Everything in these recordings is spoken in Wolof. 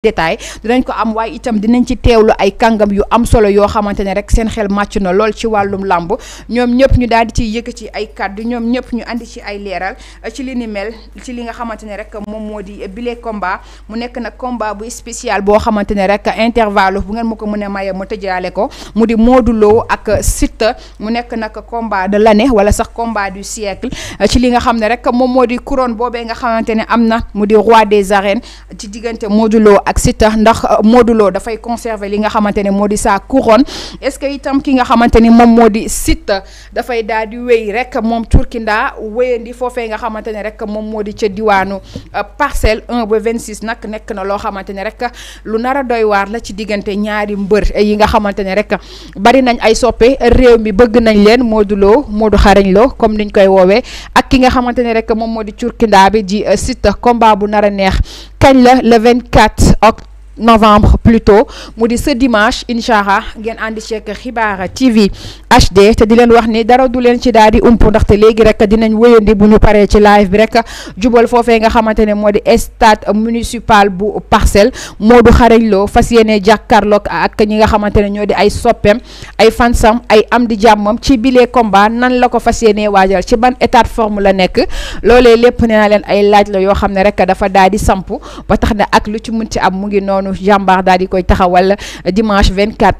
détail dinañ ko am waaye itam dinañ ci teewlu ay kàngam yu am solo yoo xamante ne rek seen xel màcc na lool ci wàllum làmb ñoom ñëpp ñu daal di ciy ci ay kàddu ñoom ñëpp ñu andi ci ay leeral ci li ni mel ci li nga xamante ne rek moom moo di bile combat mu nekk nag combat bu spécial boo xamante ne rek intervalle bu ngeen ma ko mën a maye ma tëjaale ko mu di Modou ak Siteu mu nekk nag combat de l'année wala sax combat du siècle ci li nga xam ne rek moom moo di couronne boobee nga xamante ne am na mu di roi des arènes ci diggante Modou ak Siteu ndax euh, Modou dafay conserver li nga xamante ne moo di sa couronne est-ce que itam ki nga xamante ni moom moo di sita dafay daal di wéy rek moom Turkinda wéyandi foofee nga xamante ne rek moom moo di ca diwaanu euh, parcelle 1 ba 26 nag nekk na loo xamante ne rek lu nar a doy la ci diggante ñaari mbër yi nga xamante ne rek bari nañ ay soppe réew mi bëgg nañ leen Modou Lo Modou xarañ loo comme niñ koy woowee ak ki nga xamante ne rek moom moo di Turkinda bi di euh, Siteu combat bu nar a neex Quelle le 24 octobre novembre plutôt mu di ce dimanche incha allah ngeen àndi ceek TV HD te di len wax ni dara du len ci daal di ndax te legui rek dinañ weyandi buñu paré ci live bi rek djubal fofé nga xamantene modi municipal bu parcel moo xareñ lo fasiyene fas ak ñi nga xamantene ne ñoo di ay sopem ay fansam ay am di ci bilé combat nan la ko fasiyene wajal ci ban état forme la nek lolé lepp ay laaj la yo rek dafa dadi sampu samp ba tax ak lu ci mën ci am mu ngi diwaanu jàmbaar daal di koy taxawal dimanche 24.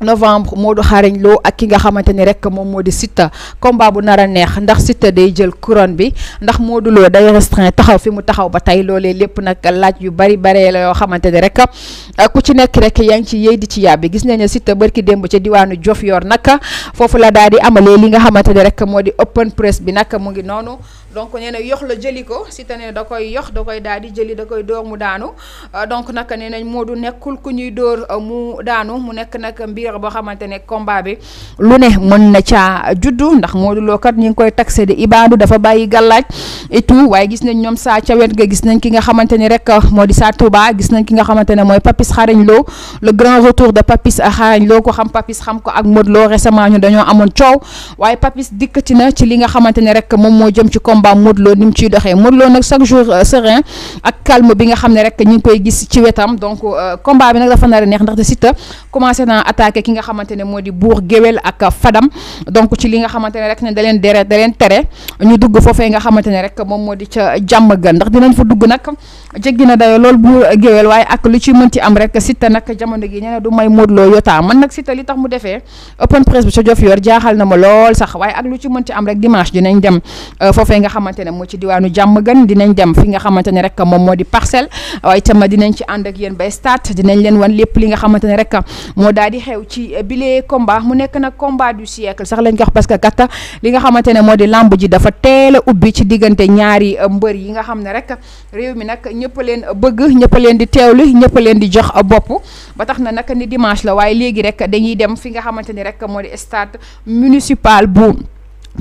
novembre Modou Xarañ Lo ak ki nga xamante ni rek moom moo di Siteu combat bu nar a neex ndax Siteu day jël couronne bi ndax Modou Lo day restreint taxaw fi mu taxaw ba tey loolee lépp nag laaj yu bari bare la yoo xamante ni rek ah, ku ci nekk rek yaa ngi ci yéy di ci yàbbi gis nañu ne Siteu bërki démb ca diwaanu Diofior nag foofu la daal di amalee li nga xamante ni rek moo di open press bi nag mu ngi donc nee na yox la jëli ko si ne da koy yox da koy daal di jëli da koy dóor mu daanu euh, donc nag nee nañ du nekkul ku ñuy door euh, mu daanu mu nekk nag mbir boo xamante ne combat bi lu ne mën na caa juddu ndax Modou Lo kat ñu ngi koy taxé di ibaadu dafa bàyyi gàllaaj et waaye gis nañ ñoom saa cawet nga gis nañ ki nga xamante ni rek euh, moo di saa Touba gis nañ ki nga xamante ne mooy Papis Xarañ Lo le grand retour de Papis Xarañ loo ko xam Papis xam ko ak Modou Lo récemment dañoo amoon coow waaye Papis na ci li nga xamante ne rek moom moo jëm ci combat combat Modou Lo ni mu ciy doxee chaque jour euh, serein ak calme bi nga xamné rek ñing koy gis ci wétam donc euh, combat bi nak dafa nar a ndax ndaxte Siteu commencé naa attaquer ki nga xamante modi bour di ak fadam donc ci li nga xamante rek né dalen déré dalen téré ñu dugg fofé nga xamante rek mom modi di ca jàmm ndax dinañ fa dugg nak jéggi na dayoo loolu buur géwél waaye ak lu ci mën ci am rek Siteu nak jamono gi ñene du may modlo yota yotaa man nag Siteu li tax mu défé open presse bi ci jof yor jaaxal na ma lool sax waaye ak lu ci mën ci am rek dimanche dinañ dem euh, fofé nga nga xamante ne moo ci diwaanu jàmm gën dinañ dem fi nga xamante ne rek moom moo di parcelle waaye itam dinañ ci ànd ak yéen ba stade dinañ leen wan li nga xamante ne rek moo daal di xew ci bile combat mu nekk nag combat du siècle sax lañ ko wax parce ne moo di lamb ji dafa teel a ubbi ci diggante ñaari yi nga xam ne rek réew mi nag ñëpp leen bëgg ñëpp leen di teewlu ñëpp leen di jox bopp ba tax na nag ni la waaye léegi rek dañuy dem fi nga xamante ni rek moo di stade municipal bu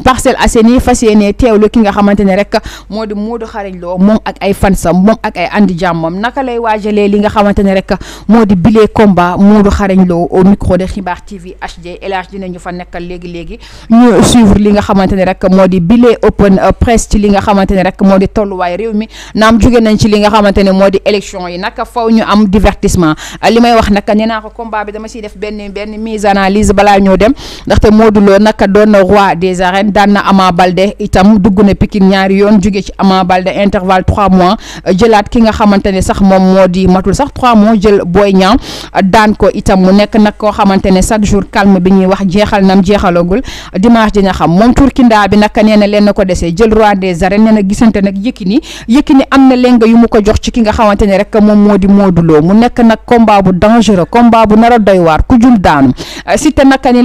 parcelle Parcelles Assainies fas yéene teewlu ki nga xamante ne rek moo di Modou Xarañ loo moom ak ay fansam moom ak ay andi jàmmam naka lay waajalee li nga xamante ne rek moo di bile combat Modou Xarañ Lo au micro de Xibaar TV HD El Hadj dinañu fa nekkal léegi léegi ñu li nga xamante ne rek moo di bile open presse ci li nga xamante ne rek moo di tolluwaay réew mi naam jóge nañ ci li nga xamante ne moo di élection yi naka faw ñu am divertissement li may wax naka nee naa ko combat bi dama siy def benn benn mise analyse balaa ñoo dem ndaxte Modou Lo naka doon roi des arènes Diagne daan na Ama Balde itam dugg na Pikine ñaari yoon jóge ci Ama Balde intervalle 3 mois euh, jëlaat ki nga xamante ne sax moom moo di matul sax 3 mois jël Boy Niang euh, daan ko itam mu nekk nag koo xamante ne chaque jour calme bi ñuy wax jeexal nam jeexalagul dimanche dina xam moom Tourkinda bi naka nee na leen na ko desee jël roi des arènes nee na gisante nag Yékini Yékini am na lenga yu mu ko jox ci ki nga xamante ne rek moom moo di moo Lo mu nekk nag combat bu dangereux combat bu nar a doy waar ku jul daanu euh, Siteu naka ne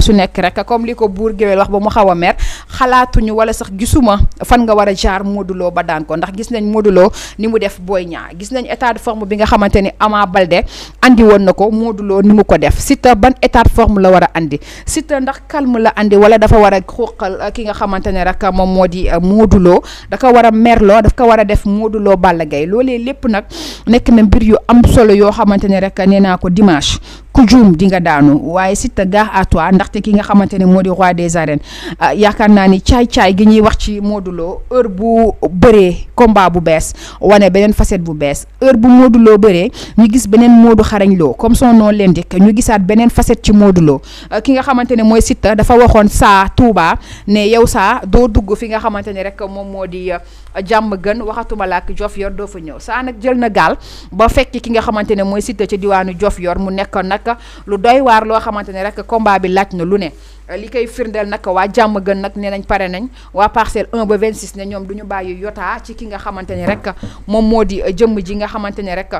su nekk rek comme li xaw mer xalaatuñu wala sax gisuma fan nga war a genre Modou ba daan ko ndax gis nañ Modou ni mu def booy Niang gis nañ état de forme bi nga xamante ni Ama Baldé andi woon na ko Modou ni mu ko def Siteu ban état form la war a andi Siteu ndax calme la indi wala dafa war a xuuqal uh, ki nga xamante ne rek moom moo di uh, Modou Lo da ko war a merloo daf ko war a def Modou Lo Balla loole lépp nag nekk na mbir yu am solo yoo xamante ne rek nee naa ko dimanche ku juum di nga daanu waaye Siteu gare à ndaxte ki nga xamante ne moo di roi des arènes ah, yaakaar naa ni caay-caay gi ñuy wax ci Modou Lo heure bu bëree combat bu bees wane beneen facette bu bees heure bu Modou Lo bëree ñu gis beneen Modou xarañ loo comme son nom l'indique ñu gisaat beneen facette ci Modou ah, ki nga xamante ne mooy Siteu dafa waxoon saa Touba ne yow saa doo dugg fi nga xamante ne rek moom moo di. jàmm gën waxatuma la ak yor doo fa ñëw saa nag jël na gaal ba fekk ki nga xamante ne mooy Siteu ca diwaanu Diofior mu nekkoon nag lu doy waar loo xamante ne rek combat bi laaj na lu ne li koy firndeel nag waa jàmm gën nag nee nañ pare nañ waa parcelle 1 ba 26 ne ñoom du ñu bàyyi yotaa ci ki nga xamante ni rek moom moo di jëmm ji nga xamante ni rek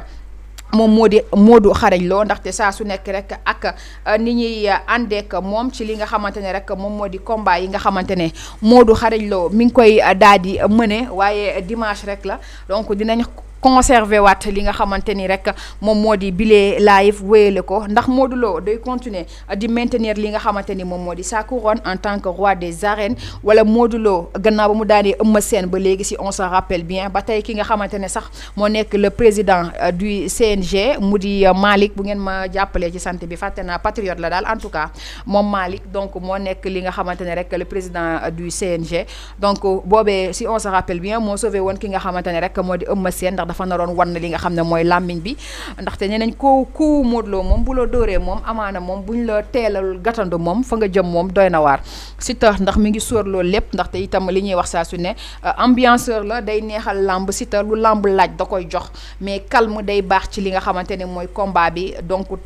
moom moo di moo du Xarañ loo ndaxte saa su nekk rek ak euh, ni ñuy euh, àndeek moom ci li nga xamante ne rek moom moo di combat yi nga xamante ne Modou Xarañ Lo mi ngi koy euh, daal di mëne waaye dimanche rek la donc dinañ conserver wat li nga xamanteni rek mom modi di live wéyale ko ndax modulo Lo day continuer euh, di maintenir li nga xamanteni mon modi sa couronne en tant que roi des arènes wala modulo Lo gannaaw ba mu daanee euma seen ba légui si on se rappelle bien ba tey ki nga xamanteni sax mo nek le président euh, du CNG mudi euh, malik bu ngeen ma jàppalee ci santé bi fàtte patriote la dal en tout cas mon malik donc mo nek li nga xamanteni rek le président du CNG donc bobé si on se rappelle bien mon sauvé won ki nga xamanteni rek modi euma ëmma ndax dafa naroon wan li nga xam ne mooy làmmiñ bi ndaxte nee nañ ko ku Modou Lo moom bu la dóoree moom amaana moom buñ la teelal gàttandu moom fa nga jëm moom doy na waar Siteu ndax mi ngi sóor loolu lépp ndaxte itam li ñuy wax saa su ne euh, ambianceur la day neexal làmb Siteu lu làmb laaj da koy jox mais kalm day baax ci li nga xamante ne mooy combat bi donku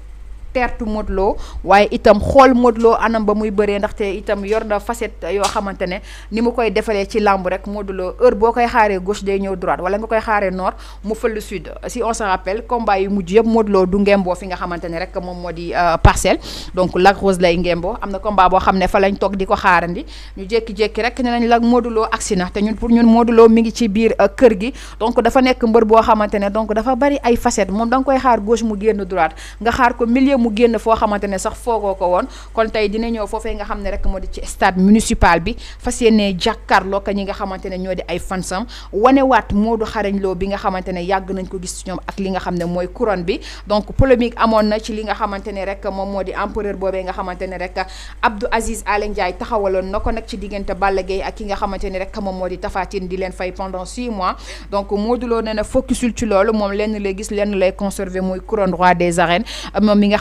teertu Modou Lo waaye itam xool Modou Lo anam ba muy bëree ndaxte itam yor na facette yoo xamante ne ni mu koy defalee ci làmb rek Modou Lo heure boo koy xaaree gauche day ñëw droite wala nga koy xaaree nord mu fël sud si on se rappelle combat yu mujj yëpp Modou Lo fi nga xamante ne rek moom moo di euh, parcelle donc Lac Rose lay ngemboo am na combat boo xam ne fa lañ toog di ko xaarandi ñu jékki-jékki rek ne nañ Lac Modou Lo agsi na te ñun pour ñun Modou mi ngi ci biir euh, kër gi donc dafa nekk mbër boo xamante ne donc dafa bari ay facettes moom da nga xaar gauche mu génn droite nga xaar ko milieu mu génn foo xamante ne sax foogoo ko woon kon tey dina ñëw foofee nga xam ne rek moo di ci stade municipal bi fas yéene jàkkaarloo ak ñi nga xamante ne ñoo di ay fansam wanewaat Modou Xarañ Lo bi nga xamante ne yàgg nañ ko gis ci ñoom ak li nga xam ne couronne bi donc polémique amoon na ci li nga xamante ne rek moom moo di empereur boobee nga xamante ne rek Abdou Aziz Alen Ndiaye taxawaloon na ko nag ci diggante Balla ak ki nga xamante ne rek moom moo di di leen fay pendant six mois donc Modou Lo ne na focusul ci loolu moom lenn lay gis lenn lay conserver mooy couronne roi des arènes moom mi nga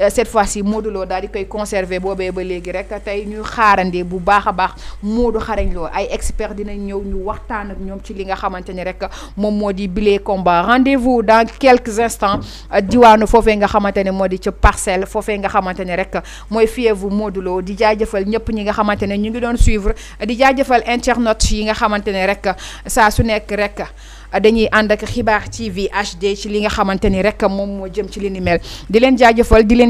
Euh, cette fois-ci Modou Lo daal di koy conserver bobé ba légui rek tay ñu xaarandé bu baaxa a baax Modou xarañ Lo ay experts dina ñëw ñu waxtaan ak ñom ci li nga xamanteni rek mom modi di combat rendez-vous dans quelques instants euh, diwaanu fofé nga xamanteni modi ci di ca parcelle foofee nga xamanteni rek moy fièvu Modou Lo di jaajeufal ñepp ñi nga xamanteni ñu ngi doon suivre di jaajeufal internet yi nga xamanteni rek sa su nek rek. dañuy and ak xibar TV HD ci li nga xamanteni rek mom mo jëm ci li ni mel di len jaajeufal di leen.